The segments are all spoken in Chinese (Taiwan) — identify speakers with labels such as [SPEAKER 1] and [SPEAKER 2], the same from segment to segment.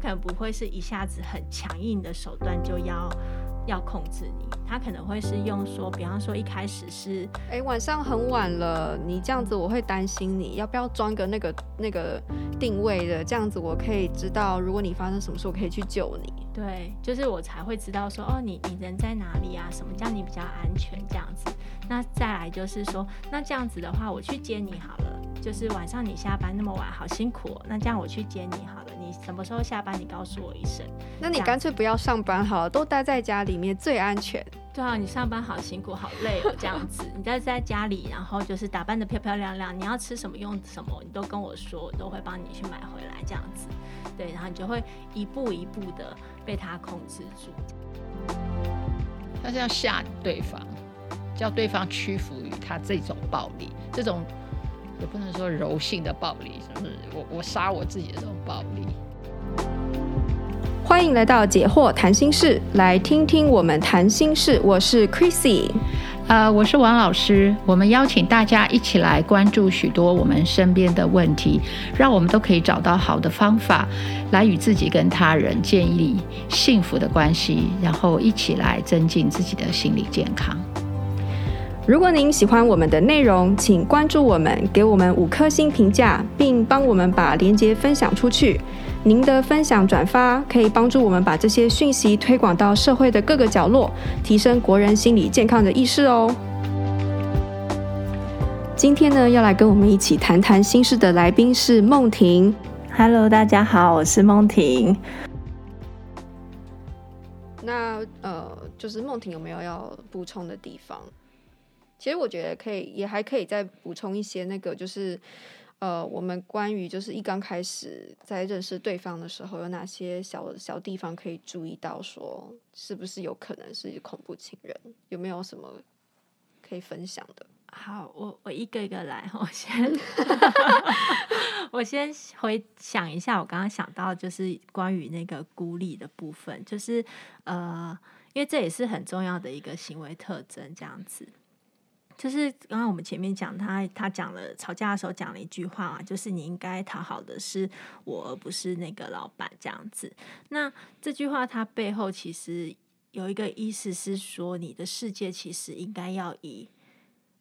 [SPEAKER 1] 他可能不會是一下子很強硬的手段就要要控制你，他可能會是用說，比方說一開
[SPEAKER 2] 始是，哎、欸，晚上很晚了，你這樣子我會擔心你，要不要裝個那個那個定位的，這樣子我可以知道如果你發生什麼事，我可以去救你。對，
[SPEAKER 1] 就是我才會知道說，哦，你你人在哪裡啊？什麼，這樣你比較安全這樣子。那再來就是說，那這樣子的話，我去接你好了。就是晚上你下班那麼晚，好辛苦喔，那這樣我去接你好了。你什麼時候下班？你告訴我一聲。
[SPEAKER 2] 那你乾脆不要上班好了，都待在家裡面最安全。
[SPEAKER 1] 對啊，你上班好辛苦，好累喔。這樣子，你待在家裡，然後就是打扮得漂漂亮亮。 你要吃什麼，用什麼，你都跟我說，我都會幫你去買回來。這樣子，對，然後你就會一步一步的被他控制住。
[SPEAKER 3] 他是要嚇對方，叫對方屈服於他這種暴力，這種。也不能說柔性的暴力，就是我我殺我自己的這
[SPEAKER 2] 種暴力。歡迎來到解
[SPEAKER 3] 惑談心事，來聽聽我們談心事。我是 Chrissy，呃，我是王老師。我們邀請大家一起來關注許多我們身邊的問題，讓我們都可以找到好的方法來與自己跟他人建立幸福的關係，然後一起來增進自己的心理健康。
[SPEAKER 2] 如果您喜歡我們的內容，請關注我們，給我們五顆星評價，並幫我們把鏈接分享出去。您的分享轉發可以幫助我們把這些訊息推廣到社會的各個角落，提升國人心理健康的意識哦。今天呢，要來跟我們一起談談心事的來賓是夢婷。Hello，大家好，我是夢婷。那呃，就是夢婷有沒有要補充的地方？其實我覺得可以，也還可以再補充一些那個，就是呃，我們關於就是一剛開始在認識對方的時候，有哪些小小地方可以注意到，說是不是有可能是恐怖情人，有沒有什麼可以分享的？好，我我一個一個來，我先
[SPEAKER 1] 我先回想一下，我剛剛想到就是關於那個孤立的部分，就是呃，因為這也是很重要的一個行為特徵，這樣子。就是剛剛我們前面講他，他講了吵架的時候講了一句話啊，就是你應該討好的是我，而不是那個老闆這樣子。那這句話它背後其實有一個意思是說，你的世界其實應該要以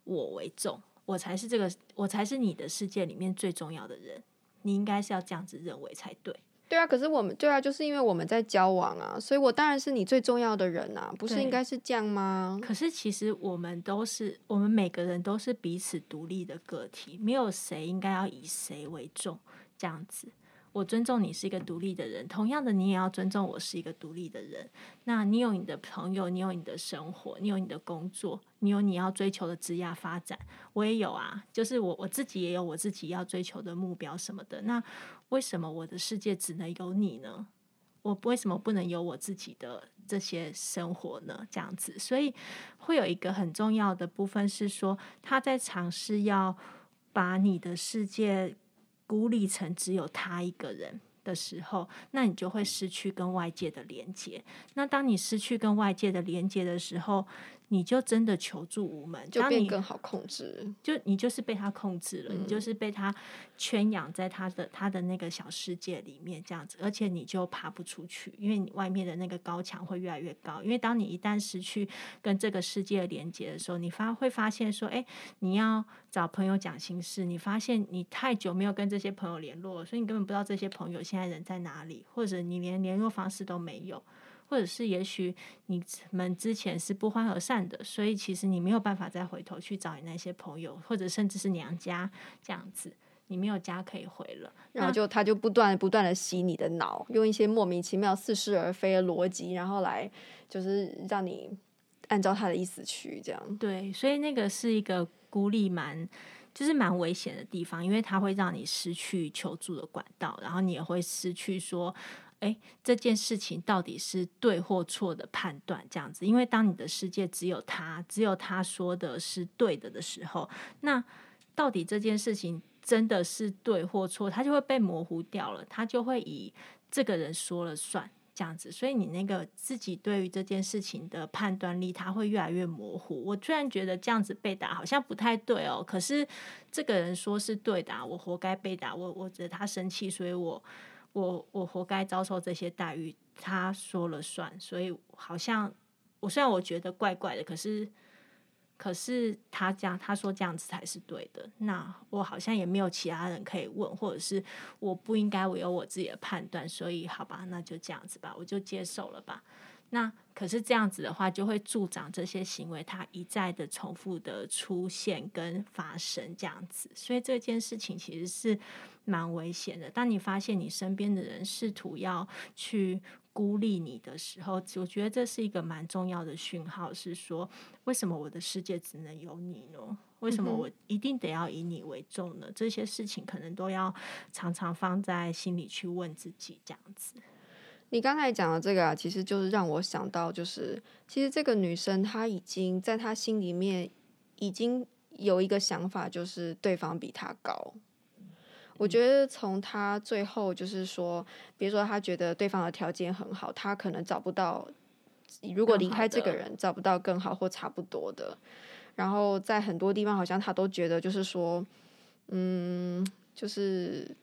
[SPEAKER 1] 我為重，我才是這個，我才是你的世界裡面最重要的人，你應該是要這樣子認為才對。
[SPEAKER 2] 對啊，可是我們對啊，就是因為我們在交往啊，所以我當然是你最重要的人啊，不是應該
[SPEAKER 1] 是這樣嗎？可是其實我們都是，我們每個人都是彼此獨立的個體，沒有誰應該要以誰為重，這樣子。我尊重你是一個獨立的人，同樣的，你也要尊重我是一個獨立的人。那你有你的朋友，你有你的生活，你有你的工作，你有你要追求的職業發展，我也有啊。就是我我自己也有我自己要追求的目標什麼的。那為什麼我的世界只能有你呢？我為什麼不能有我自己的這些生活呢？這樣子，所以會有一個很重要的部分是說，他在嘗試要把你的世界。孤立成只有他一個人的時候，那你就會失去跟外界的連接。那當你失去跟外界的連接的時候，你就真的求助無門，當你就變更好控制。就你就是被他控制了，嗯、你就是被他圈養在他的他的那個小世界裡面這樣子，而且你就爬不出去，因為你外面的那個高牆會越來越高。因為當你一旦失去跟這個世界連接的時候，你發會發現說，哎、欸，你要找朋友講心事，你發現你太久沒有跟這些朋友聯絡了，所以你根本不知道這些朋友現在人在哪裡，或者你連聯絡方式都沒有。或者是也許你們之前是不歡而散的，所以其實你沒有辦法再回頭去找你那些朋友，或者甚至是娘家這樣子，你沒有家可以回了，
[SPEAKER 2] 然後就他就不斷不斷的洗你的腦，用一些莫名其妙似是而非的邏輯，然後來就是讓你按照他的意思去這樣。對，所以
[SPEAKER 1] 那個是一個孤立蠻，就是蠻危險的地方，因為他會讓你失去求助的管道，然後你也會失去說。哎、欸，這件事情到底是對或錯的判斷這樣子？因為當你的世界只有他，只有他說的是對的的時候，那到底這件事情真的是對或錯，他就會被模糊掉了，他就會以這個人說了算這樣子。所以你那個自己對於這件事情的判斷力，他會越來越模糊。我雖然覺得這樣子被打好像不太對哦，可是這個人說是對的，啊，我活該被打。我我覺得他生氣，所以我。我我活該遭受這些待遇，他說了算，所以好像我雖然我覺得怪怪的，可是可是他講他說這樣子才是對的，那我好像也沒有其他人可以問，或者是我不應該我有我自己的判斷，所以好吧，那就這樣子吧，我就接受了吧。那可是，這樣子的話，就會助長這些行為，它一再的重複的出現跟發生，這樣子。所以這件事情其實是蠻危險的。當你發現你身邊的人試圖要去孤立你的時候，我覺得這是一個蠻重要的訊號，是說為什麼我的世界只能有你呢？為什麼我一定得要以你為重呢？這些事情可能都要常常放在心裡去問自己，這樣子。
[SPEAKER 2] 你剛才講的這個啊，其實就是讓我想到，就是其實這個女生她已經在她心裡面已經有一個想法，就是對方比她高。我覺得從她最後就是說，比如說她覺得對方的條件很好，她可能找不到，如果離開這個人找不到更好或差不多的。然後在很多地方好像她都覺得就是說，嗯，就是。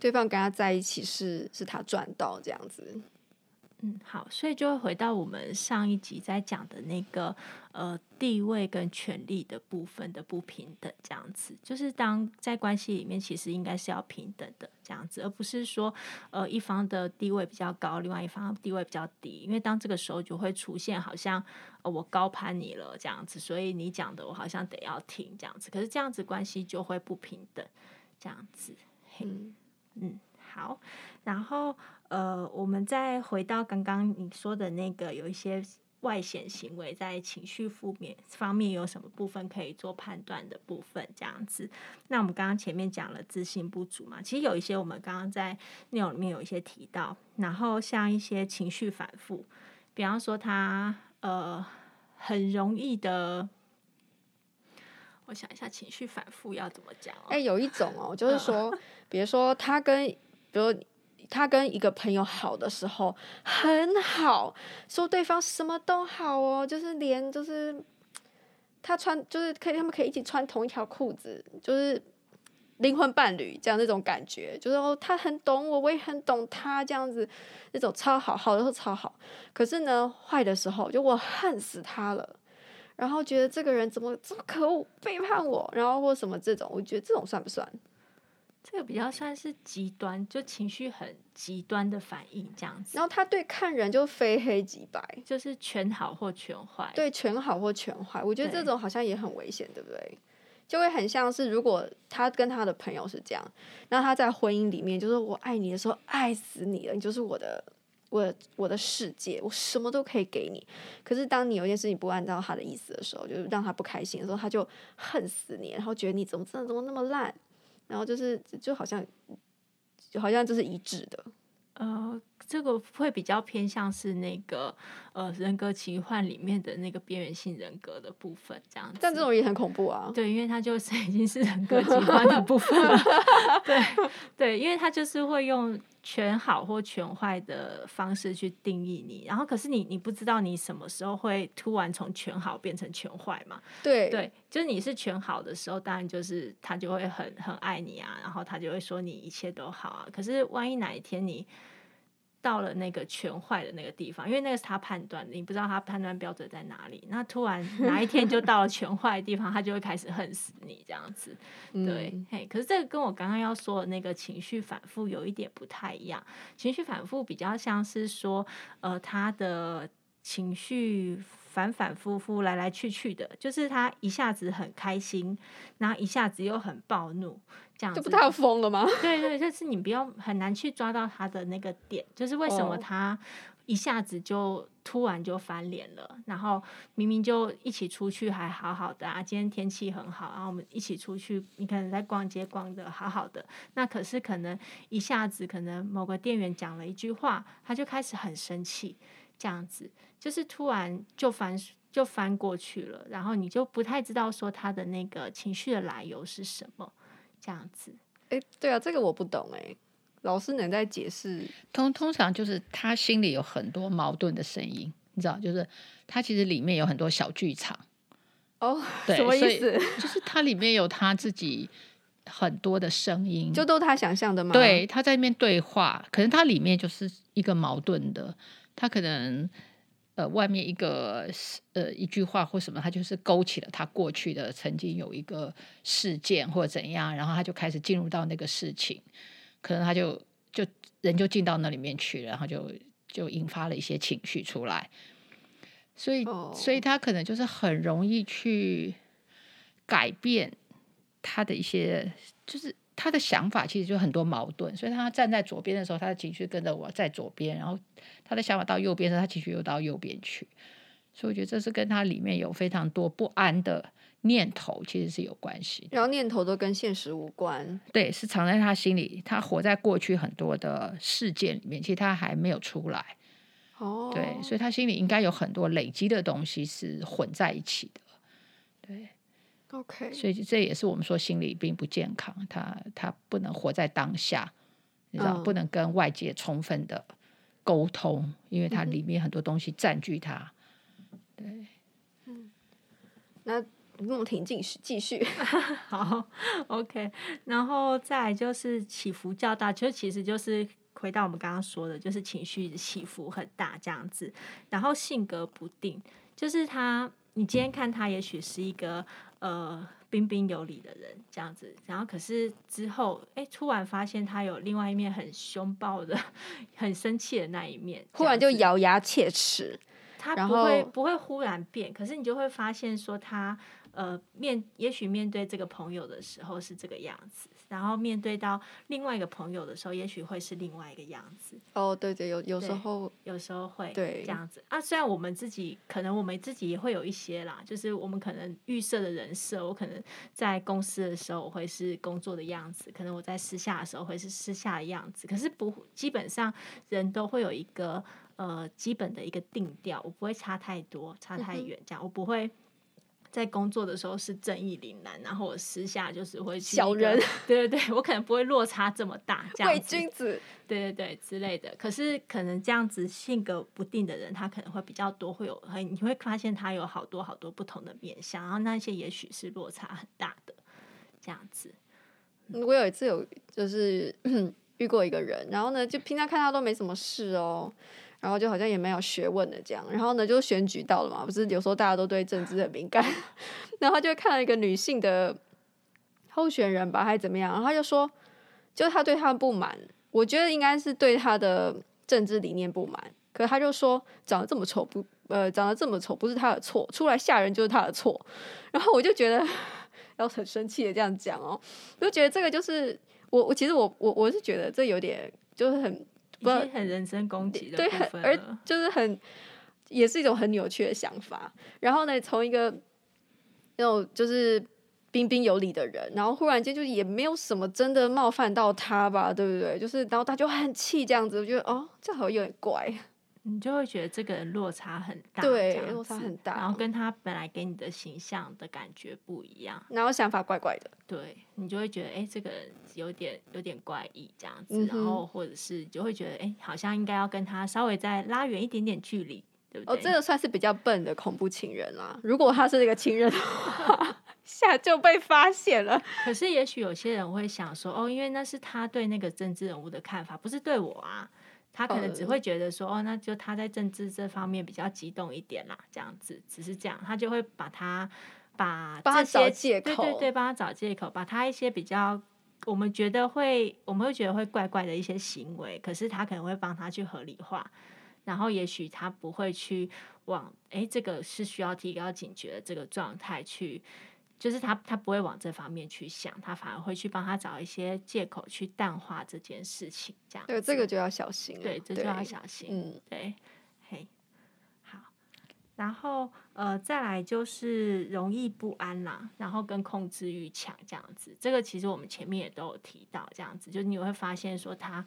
[SPEAKER 2] 對方跟他在一起是是他賺到這樣子，
[SPEAKER 1] 嗯，好，所以就會回到我們上一集在講的那個呃地位，跟權力的部分的不平等這樣子。就是當在關係裡面其實應該是要平等的這樣子，而不是說呃一方的地位比較高，另外一方的地位比較低，因為當這個時候就會出現好像、呃、我高攀你了這樣子，所以你講的我好像得要聽這樣子，可是這樣子關係就會不平等這樣子，嘿。嗯。嗯，好，然後呃，我們再回到剛剛你說的那個，有一些外顯行為在情緒負面方面有什麼部分可以做判斷的部分，這樣子。那我們剛剛前面講了自信不足嘛，其實有一些我們剛剛在內容裡面有一些提到，然後像一些情緒反復，比方說他呃很容易的。我想一下情緒反覆要怎麼講
[SPEAKER 2] 哦，哎，有一種哦，就是說， 比如說他跟，比如他跟一個朋友好的時候，很好，說對方什麼都好哦，就是連就是他穿就是可以，他們可以一起穿同一條褲子，就是靈魂伴侶這樣那種感覺，就是哦，他很懂我，我也很懂他，這樣子那種超好，好的時候超好，可是呢，壞的時候就我恨死他了。然後覺得這個人怎麼這麼可惡，背叛我，然後或什麼這種，我覺得這種算不算？這個比
[SPEAKER 1] 較算是極端，就情緒很極端的反應這樣子。然
[SPEAKER 2] 後他對看人就非黑即白，就是全好或全壞。對，全好或全壞，我覺得這種好像也很危險，對，對不對？就會很像是如果他跟他的朋友是這樣，那他在婚姻裡面就是我愛你的時候，愛死你了，你就是我的。我我的世界，我什麼都可以給你，可是當你有一件事情不按照他的意思的時候，就讓他不開心的時候，他就恨死你，然後覺得你怎麼怎麼怎麼那麼爛，然後就是就好像就好像就是一致的，啊、oh.。這個會比較偏向
[SPEAKER 1] 是那個呃人格疾患裡面的那個邊緣性人格的部分，這樣子。但這種也很恐怖啊。對，因為他就是已經是人格疾患的部分了 對。對對，因為他就是會用全好或全壞的方式去定義你，然後可是你你不知道你什麼時候會突然從全好變成全壞嘛。對。對，就是你是全好的時候，當然就是他就會很很愛你啊，然後他就會說你一切都好啊。可是萬一哪一天你。到了那個全壞的那個地方，因為那個是他判斷，你不知道他判斷標準在哪裡。那突然哪一天就到了全壞的地方， 他就會開始恨死你這樣子。對，嗯，可是這個跟我剛剛要說的那個情緒反復有一點不太一樣。情緒反復比較像是說，呃，他的。情緒反反復復來來去去的，就是他一下子很開心，然後一下子又很暴怒，這樣子就不太瘋了嗎？對對，就是你不要很難去抓到他的那個點，就是為什麼他一下子就突然就翻臉了？Oh. 然後明明就一起出去還好好的啊，今天天氣很好，然後我們一起出去，你可能在逛街逛的好好的，那可是可能一下子可能某個店員講了一句話，他就開始很生氣。這樣子，就是突然就翻就翻過去了，然後你就不太知道說他的那個情緒的來由是什麼。這樣子，
[SPEAKER 2] 哎、欸，對啊，這個
[SPEAKER 3] 我不懂，哎、欸，老師能再解釋？通通常就是他心裡有很多矛盾的聲音，你知道，就是他其實裡面有很多小劇場。哦、oh,，對，什麼意思？就是他裡面有他自己。很多的聲音，就都是他想象的嗎？對，他在那邊對話，可能他裡面就是一個矛盾的，他可能呃外面一個呃一句話或什麼，他就是勾起了他過去的曾經有一個事件或怎樣，然後他就開始進入到那個事情，可能他就就人就進到那裡面去了，然後就就引發了一些情緒出來，所以、oh. 所以他可能就是很容易去改變。他的一些就是他的想法，其實就很多矛盾。所以他站在左邊的時候，他的情緒跟着我在左邊；然後他的想法到右邊時，他情緒又到右邊去。所以我覺得這是跟他裡面有非常多不安的念頭，其實是有關係
[SPEAKER 2] 的。然後念頭都跟現實無關，
[SPEAKER 3] 對，是藏在他心裡。他活在過去很多的事件裡面，其實他還沒有出來。哦，對，所以他心裡應該有很多累積的東西是混在一起的。
[SPEAKER 2] OK，所以這
[SPEAKER 3] 也是我們說心理並不健康，他他不能活在當下，你知道、嗯、不能跟外界充分的溝通，因為他裡面很多東西佔據他、
[SPEAKER 2] 嗯。對，嗯，那孟婷繼續繼續， 好 OK，然後再就是
[SPEAKER 1] 起伏較大，就其實就是回到我們剛剛說的，就是情緒起伏很大這樣子，然後性格不定，就是他你今天看他也許是一個。呃，彬彬有禮的人這樣子，然後可是之後，哎、欸，突然發現他有另外一面很凶暴的、很生氣的那一面，忽然就
[SPEAKER 2] 咬牙切齒。他不會不
[SPEAKER 1] 會忽然變，可是你就會發現說他呃面，也許面對這個朋友的時候是這個樣子。然後面對到另外一個朋友的時候，也許會是另外一個樣子。
[SPEAKER 2] 哦，對對，有有時候，
[SPEAKER 1] 有時候會對這樣子。啊，雖然我們自己可能我們自己也會有一些啦，就是我們可能預設的人設，我可能在公司的時候會是工作的樣子，可能我在私下的時候會是私下的樣子。可是不，基本上人都會有一個呃基本的一個定調，我不會差太多，差太遠，嗯，這樣，我不會。在工作的時候是正義凜然，然後我私下就是會小人，對 對對，我可能不會落差這麼大，這樣子偽君子，對對對之類的。可是可能這樣子性格不定的人，他可能會比較多，會有很你會發現他有好多好多不同的面相，然後那些也許是落差很大的這樣子。
[SPEAKER 2] 我有一次有就是、嗯、遇過一個人，然後呢，就平常看他都沒什麼事哦。然後就好像也蠻有學問的這樣，然後呢，就選舉到了嘛，不是有時候大家都對政治很敏感，然後就看到一個女性的候選人吧，還是怎麼樣，然後他就說，就他對她不滿，我覺得應該是對他的政治理念不滿，可是他就說長得這麼醜不，呃，長得這麼醜不是他的錯，出來嚇人就是他的錯，然後我就覺得，然後很生氣的這樣講哦，我就覺得這個就是我我其實我我我是覺得這有點就是很。不是
[SPEAKER 1] 很人身攻擊，對很，
[SPEAKER 2] 而就是很，也是一種很扭曲的想法。然後呢，從一個那種就是彬彬有禮的人，然後忽然間就也沒有什麼真的冒犯到他吧，對不對？就是然後他就很氣這樣子，我覺得哦，這好像有點怪。你就會覺
[SPEAKER 1] 得這個落差很大，對，落差很大，然後跟他本來給你的形象的感覺不一樣，然
[SPEAKER 2] 後想法怪怪的，對，你就會覺得誒、欸，這個
[SPEAKER 1] 有點有點怪異這樣子，嗯，然後或者是就會覺得誒、欸，好像應該要跟他稍微再拉遠一點點
[SPEAKER 2] 距離，對不對？哦，這個算是比較笨的恐怖情人啦。如果他是那個情人的
[SPEAKER 1] 話，下 就被發現了。可是也許有些人會想說，哦，因為那是他對那個政治人物的看法，不是對我啊。他可能只會覺得說，uh, 哦，那就他在政治這方面比較激動一點啦，這樣子，只是這樣，他就會把他把這些幫他找借口，對對對，幫他找借口，把他一些比較我們覺得會，我們會覺得會怪怪的一些行為，可是他可能會幫他去合理化，然後也許他不會去往，誒、欸，這個是需要提高警覺的這個狀態去。就是他，他不會往這方面去想，他反而會去幫他找一些借口去淡化這件事情，這樣。對，這個就
[SPEAKER 2] 要小心啊，對。對，這就要小心。嗯，
[SPEAKER 1] 對，嘿，好，然後呃，再來就是容易不安啦，啊，然後跟控制欲強這樣子。這個其實我們前面也都有提到，這樣子，就你會發現說他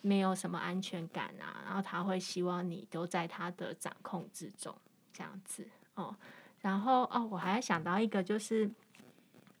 [SPEAKER 1] 沒有什麼安全感啊，然後他會希望你都在他的掌控之中，這樣子哦。嗯然後哦，我還要想到一個，就是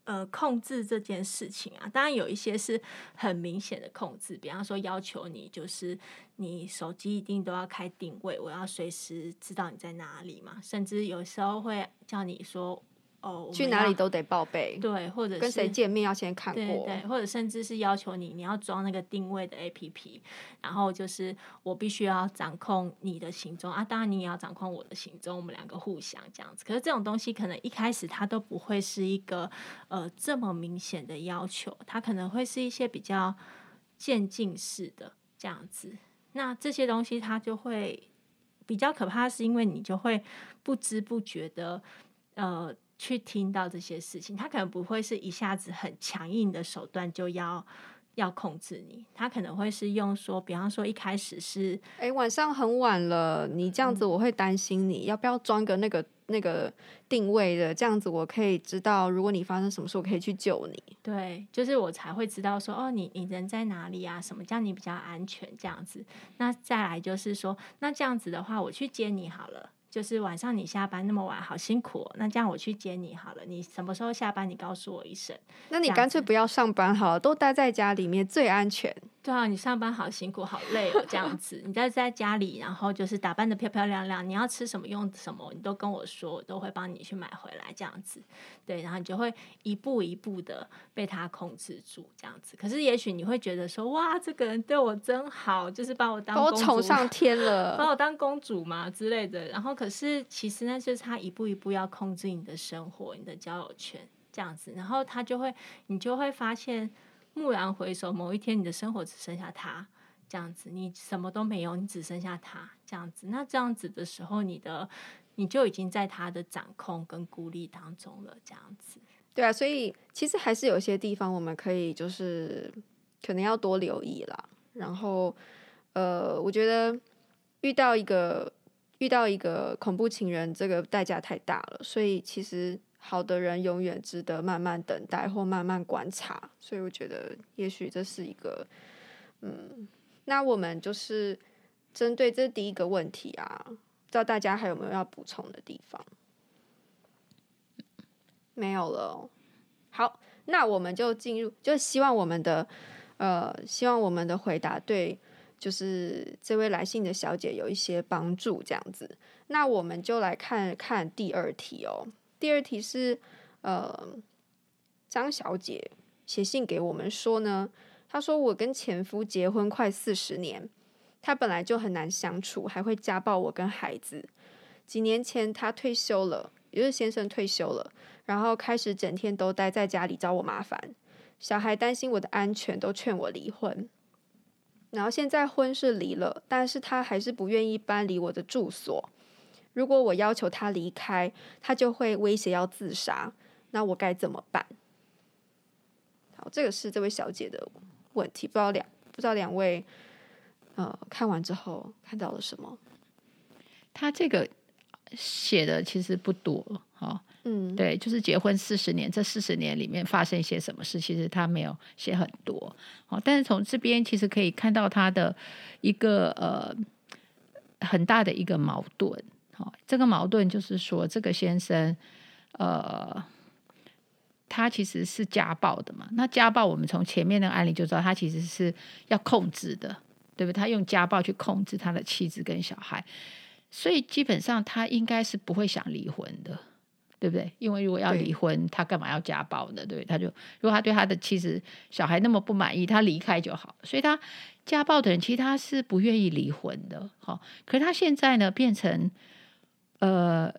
[SPEAKER 1] 呃，控制這件事情啊。當然有一些是很明顯的控制，比方說要求你，就是你手機一定都要開定位，我要隨時知道你在哪裡嘛。甚至有時候會叫你說。Oh, 去哪裡都
[SPEAKER 2] 得報備，對，或者是跟誰見面要先看過，對，對，對，
[SPEAKER 1] 或者甚至是要求你，你要裝那個定位的 APP，然後就是我必須要掌控你的行蹤啊，當然你也要掌控我的行蹤，我們兩個互相這樣子。可是這種東西可能一開始它都不會是一個呃這麼明顯的要求，它可能會是一些比較漸進式的這樣子。那這些東西它就會比較可怕，是因為你就會不知不覺的呃。去聽到這些事情，他可能不會是一下子很強硬的手段就要要控制你，他可能會是用說，比方說一開始是，
[SPEAKER 2] 哎、欸，晚上很晚了，你這樣子我會擔心你、嗯，要不要裝個那個那個定位的，這樣子我可以知道如果你發生什麼事，我可以去救你。
[SPEAKER 1] 對，就是我才會知道說，哦，你你人在哪裡啊？什麼這樣你比較安全？這樣子，那再來就是說，那這樣子的話，我去接你好了。就是晚上你下班那麼晚，好辛苦、哦。那這樣我去接你好了。你什麼時候下班？你告訴我一聲。
[SPEAKER 2] 那你乾脆不要上班好了，都待在家裡面最安全。
[SPEAKER 1] 對啊，你上班好辛苦，好累哦，這樣子。 你在在家裡，然後就是打扮得漂漂亮亮。你要吃什麼，用什麼，你都跟我說，我都會幫你去買回來，這樣子。對，然後你就會一步一步的被他控制住，這樣子。可是也許你會覺得說，哇，這個人對我真好，就是把我當把我寵上天了，把我當公主嘛之類的。然後，可是其實呢，就是他一步一步要控制你的生活，你的交友圈，這樣子。然後他就會，你就會發現。驀然回首，某一天你的生活只剩下他這樣子，你什麼都沒有，你只剩下他這樣子。那這樣子的時候，你的你就已經在他的掌控跟孤立當中了。這樣子，
[SPEAKER 2] 對啊，所以其實還是有一些地方我們可以就是可能要多留意了。然後，呃，我覺得遇到一個遇到一個恐怖情人，這個代價太大了。所以其實。好的人永遠值得慢慢等待或慢慢觀察，所以我覺得也許這是一個，嗯，那我們就是針對這第一個問題啊，不知道大家還有沒有要補充的地方？沒有了哦？好，那我們就進入，就希望我們的呃，希望我們的回答對，就是這位來信的小姐有一些幫助，這樣子。那我們就來看看第二題哦。第二題是，呃，張小姐寫信給我們說呢，她說我跟前夫結婚快四十年，他本來就很難相處，還會家暴我跟孩子。幾年前他退休了，也就是先生退休了，然後開始整天都待在家裡找我麻煩。小孩擔心我的安全，都勸我離婚。然後現在婚是離了，但是他還是不願意搬離我的住所。如果我要求他離開，他就會威脅要自殺。那我該怎麼辦？好，這個是這位小姐的問題，不知道兩不知道兩位，呃，看完之後看到了什麼？
[SPEAKER 3] 她這個寫的其實不多，哈、哦，嗯，對，就是結婚四十年，這四十年裡面發生一些什麼事，其實她沒有寫很多，好、哦，但是從這邊其實可以看到她的一個呃很大的一個矛盾。這個矛盾就是說，這個先生，呃，他其實是家暴的嘛。那家暴，我們從前面的案例就知道，他其實是要控制的，對不對？他用家暴去控制他的妻子跟小孩，所以基本上他應該是不會想離婚的，對不對？因為如果要離婚，他幹嘛要家暴呢？對不對？他就如果他對他的妻子、小孩那麼不滿意，他離開就好。所以他家暴的人，其實他是不願意離婚的。好，哦，可是他現在呢，變成。呃，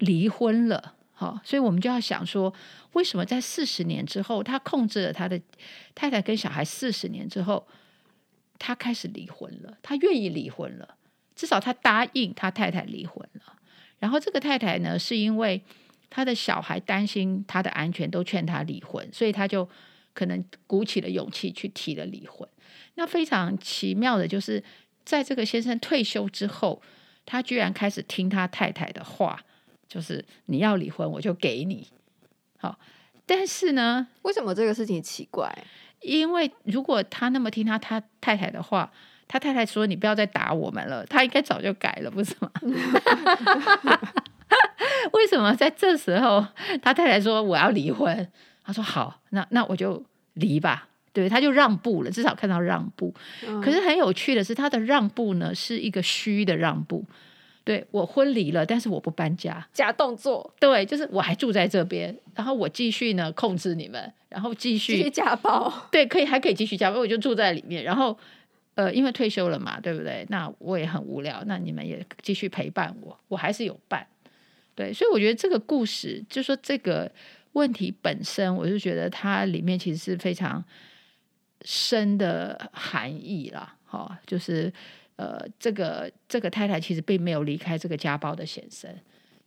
[SPEAKER 3] 離婚了，好，哦，所以我們就要想說，為什麼在四十年之後，他控制了他的太太跟小孩，四十年之後，他開始離婚了，他願意離婚了，至少他答應他太太離婚了。然後這個太太呢，是因為他的小孩擔心他的安全，都勸他離婚，所以他就可能鼓起了勇氣去提了離婚。那非常奇妙的就是，在這個先生退休之後。他居然開始聽他太太的話，就是你要離婚，我就給你。好，但是呢，為什麼這個事情奇怪？因為如果他那麼聽他他太太的話，他太太說你不要再打我們了，他應該早就改了，不是嗎？ 為什麼在這時候他太太說我要離婚？他說好，那那我就離吧。對，他就讓步了，至少看到讓步。嗯、可是很有趣的是，他的讓步呢是一個虛的讓步。對，我婚離了，但是我不搬家，假動作。對，就是我還住在這邊，然後我繼續呢控制你們，然後繼續，繼續家暴。對，可以還可以繼續家暴，我就住在裡面。然後呃，因為退休了嘛，對不對？那我也很無聊，那你們也繼續陪伴我，我還是有伴。對，所以我覺得這個故事，就是、說這個問題本身，我就覺得它裡面其實是非常。深的含義啦，哈、哦，就是呃，這個這個太太其實並沒有離開這個家暴的先生，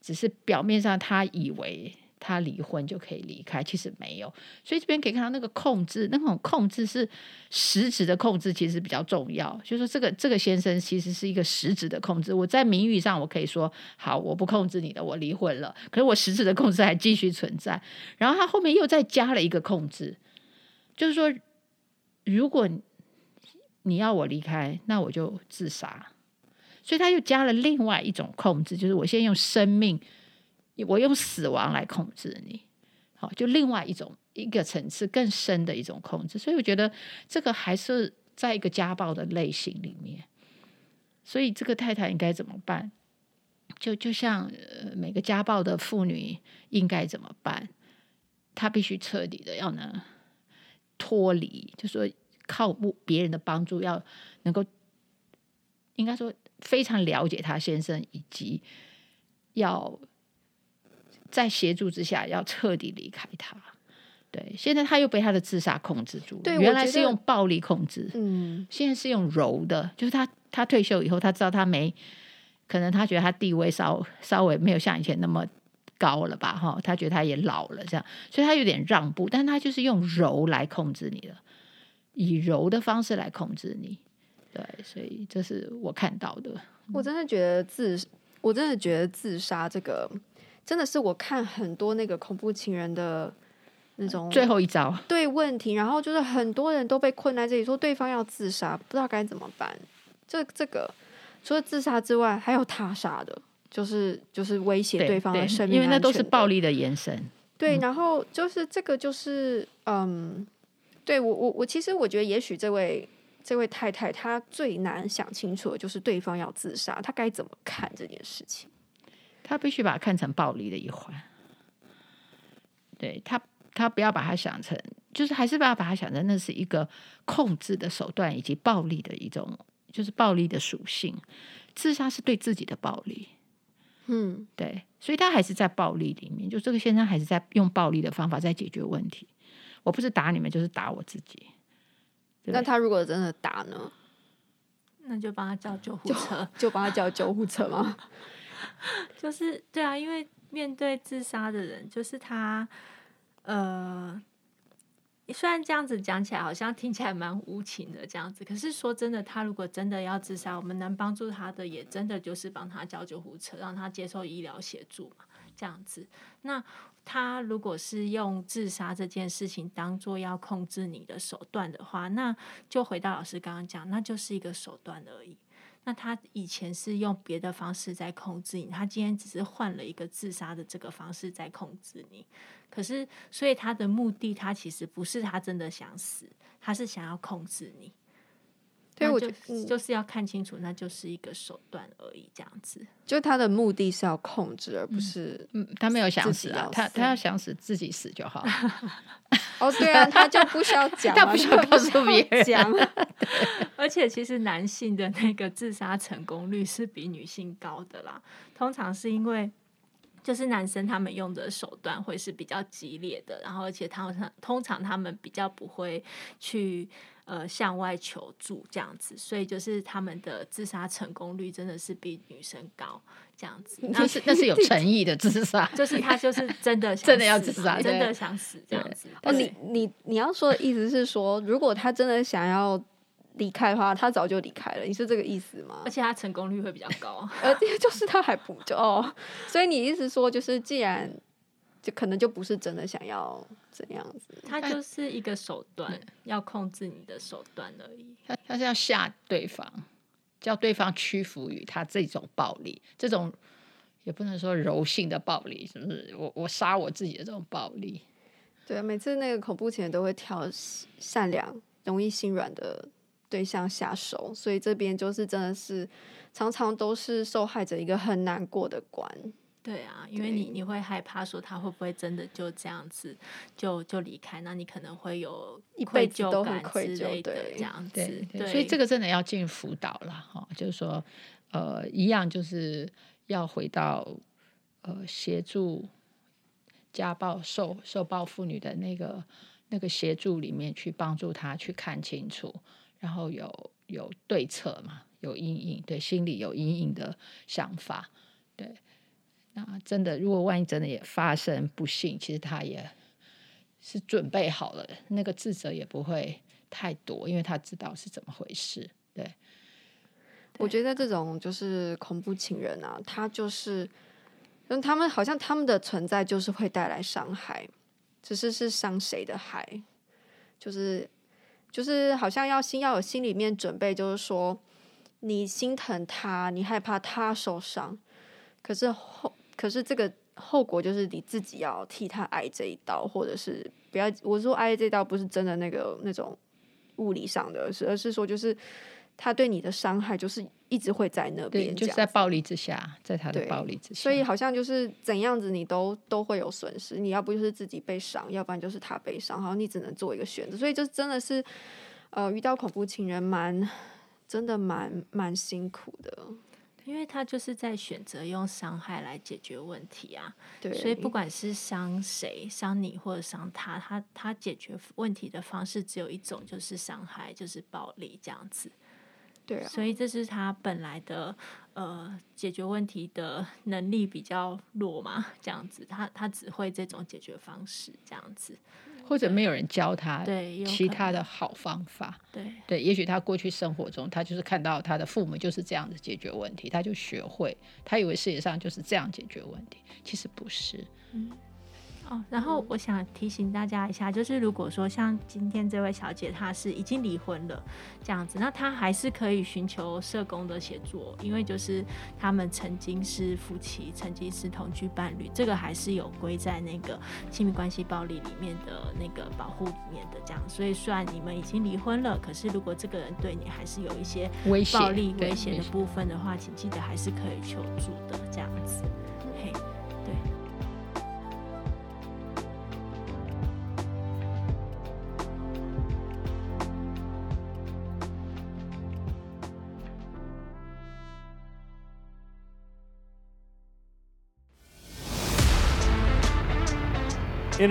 [SPEAKER 3] 只是表面上她以為她離婚就可以離開，其實沒有。所以這邊可以看到那個控制，那種控制是實質的控制，其實比較重要。就是說這個這個先生其實是一個實質的控制，我在名譽上我可以說好，我不控制你的，我離婚了，可是我實質的控制還繼續存在。然後他後面又再加了一個控制，就是說。如果你要我離開，那我就自殺。所以他又加了另外一種控制，就是我先用生命，我用死亡來控制你。好，就另外一種一個層次更深的一種控制。所以我覺得這個還是在一個家暴的類型裡面。所以這個太太應該怎麼辦？就就像每個家暴的婦女應該怎麼辦？她必須徹底的要能。脫離，就是說，靠不別人的幫助，要能夠，應該說非常了解他先生，以及要在協助之下，要徹底離開他。對，現在他又被他的自殺控制住了，原來是用暴力控制，嗯，現在是用柔的，就是他他退休以後，他知道他沒，可能他覺得他地位稍稍微沒有像以前那麼。高了吧，哈、哦，他覺得他也老了，這樣，所以他有點讓步，但他就是用柔來控制你了，以柔的方式來控制你，對，所以這是我看到的。嗯、我真的
[SPEAKER 2] 覺得自，我真的覺得自殺這個真的是我看很多那個恐怖情人的那種、嗯、最後一招。對，問題，然後就是很多人都被困在這裡，說對方要自殺，不知道該怎麼辦。這這個除了自殺之外，還有他殺
[SPEAKER 3] 的。就是就是威脅對方的生命安全的，因為那都是暴力的延伸。對，然
[SPEAKER 2] 後就是這個就是嗯，嗯，對我我我其實我覺得，也許這位這位太太她最難想清楚的就是對方要自殺，她該怎麼看這件
[SPEAKER 3] 事情，她必須把它看成暴力的一環。對，她她不要把它想成，就是還是不要把它想成那是一個控制的手段，以及暴力的一種，就是暴力的屬性。自殺是對自己的暴力。嗯，對，所以他還是在暴力裡面，就這個先生還是在用暴力的方法在解決問題。我不是打你們，就是打我自己。那
[SPEAKER 2] 他如果真的打呢？那就幫他叫救護車，就幫他叫救護車嗎？
[SPEAKER 1] 就是，對啊，因為面對自殺的人，就是他，呃。雖然這樣子講起來，好像聽起來蠻無情的這樣子，可是說真的，他如果真的要自殺，我們能幫助他的，也真的就是幫他叫救護車，讓他接受醫療協助嘛，這樣子。那他如果是用自殺這件事情當做要控制你的手段的話，那就回到老師剛剛講，那就是一個手段而已。那他以前是用別的方式在控制你，他今天只是換了一個自殺的這個方式在控制你。可是，所以他的目的，他其實不是他真的想死，他是想要控制你。
[SPEAKER 2] 對，我覺得
[SPEAKER 1] 就我就是要看清楚，那就是一個手段而已，這樣子。
[SPEAKER 2] 就他的目的是要控制，而不是嗯，嗯，他沒有想死啊，自己要死，他他要想死自己死就好。哦 ，oh，對啊，他就不需要講， 他不需要告訴別人
[SPEAKER 1] 而且，其實男性的那個自殺成功率是比女性高的啦，通常是因為。就是男生他們用的手段會是比較激烈的，然後而且他們通常他們比較不會去呃向外求助這樣子，所以就是他們的自殺成功率真的是比女生高這
[SPEAKER 2] 樣子。那是那是有誠
[SPEAKER 1] 意的自殺， 就是他就是真的想死，真的要自殺，真的想死這樣子。
[SPEAKER 2] 但、哦、你你你要說的意思是說， 如果他真的想要。離開的話，他早就離開了。你是這個意思嗎？
[SPEAKER 1] 而且他成功率會比較高、
[SPEAKER 2] 呃，而且就是他還補救、哦。所以你意思說，就是既然就可能就不是真的想要怎樣
[SPEAKER 1] 子。他就
[SPEAKER 3] 是一個手段、
[SPEAKER 1] 嗯，要控制你的手段而
[SPEAKER 3] 已。他，他是要嚇對方，叫對方屈服於他這種暴力，這種也不能說柔性的暴力，是不是我我殺我自己的這種暴力。
[SPEAKER 2] 對，每次那個恐怖片都會挑善良、容易心軟的對象下手，所以這邊就是真的是常常都是受害者一個很難過的關。對啊，
[SPEAKER 1] 因為你你會害怕說他會不會真的就這樣子就就離開，那你可能會有一輩子都很愧疚感之類的這樣子對對對對對。所以這個
[SPEAKER 3] 真的要進輔導了哈、哦，就是說呃，一樣就是要回到呃協助家暴受受暴婦女的那個那個協助裡面去幫助她去看清楚。然後有有對策嘛？有陰影，對，心裡有陰影的想法，對。那真的，如果萬一真的也發生不幸，其實他也是準備好了。那個自責也不會太多，因為他知道是怎麼回事。對，對我覺得這種就是恐怖情人啊，
[SPEAKER 2] 他就是，因為他們好像他們的存在就是會帶來傷害，只是是傷誰的害，就是。就是好像要心要有心裡面準備，就是說，你心疼他，你害怕他受傷，可是後可是這個後果就是你自己要替他挨這一刀，或者是不要我說挨這一刀不是真的那個那種物理上的，而是而是說就是。他對你的傷害就是一直會在那邊，就是在暴力之下，在
[SPEAKER 3] 他的暴力之下。所
[SPEAKER 2] 以好像就是怎樣子你都都會有損失，你要不就是自己被傷，要不然就是他被傷，然後，你只能做一個選擇。所以就真的是，呃，遇到恐怖情人蠻真的蠻蠻辛苦的，因為他就是在選
[SPEAKER 1] 擇用傷害來解決問題啊。對，所以不管是傷誰、傷你或者傷他，他他解決問題的方式只有一種，就是傷害，就是暴力這樣子。對啊。所以這是他本來的，呃，解決問題的能力比較弱嘛，這樣子，他他只會這種解決方式，這樣子，
[SPEAKER 3] 或者沒有人教他，對，其他的好方法，對對，對，也許他過去生活中，他就是看到他的父母就是這樣子解決問題，他就學會，他以為世界上就是這樣解決問題，其實不是。嗯
[SPEAKER 1] 哦，然後我想提醒大家一下，就是如果說像今天這位小姐她是已經離婚了這樣子，那她還是可以尋求社工的協助，因為就是他們曾經是夫妻，曾經是同居伴侶，這個還是有歸在那個親密關係暴力裡面的那個保護裡面的這樣。所以雖然你們已經離婚了，可是如果這個人對你還是有一些暴力威脅的部分的話，請記得還是可以求助的這樣子。嘿，對。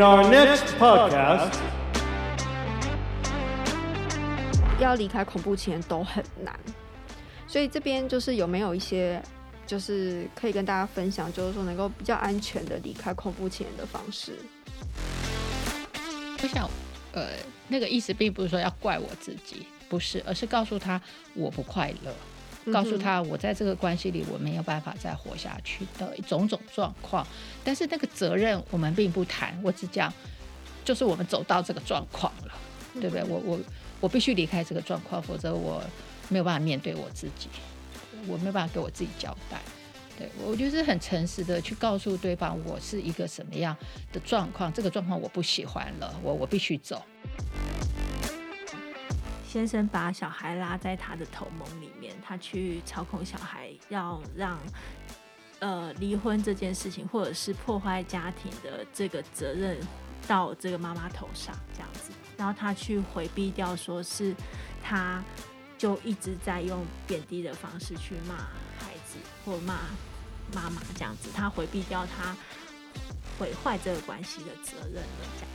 [SPEAKER 3] Our
[SPEAKER 2] next podcast, 要離開恐怖情人都很難，所以這邊就是有沒有一些、就是可以跟大家分享，就是說能夠比較安全的離開恐怖情人的方式。
[SPEAKER 3] 我想，呃，那個意思並不是說要怪我自己，不是，而是告訴他我不快樂。告訴他，我在這個關係裡我沒有辦法再活下去的一種種狀況，但是那個責任我們並不談，我只講，就是我們走到這個狀況了，對不對？我我我必須離開這個狀況，否則我沒有辦法面對我自己，我沒有辦法給我自己交代。對，我就是很誠實的去告訴對方，我是一個什麼樣的狀況，這個狀況我不喜歡了，我我必須走。先生把小
[SPEAKER 1] 孩拉在他的同盟裡面，他去操控小孩，要讓呃離婚這件事情，或者是破壞家庭的這個責任到這個媽媽頭上，這樣子。然後他去回避掉，說是他就一直在用貶低的方式去罵孩子或罵媽媽，這樣子。他回避掉他毀壞這個關係的責任的。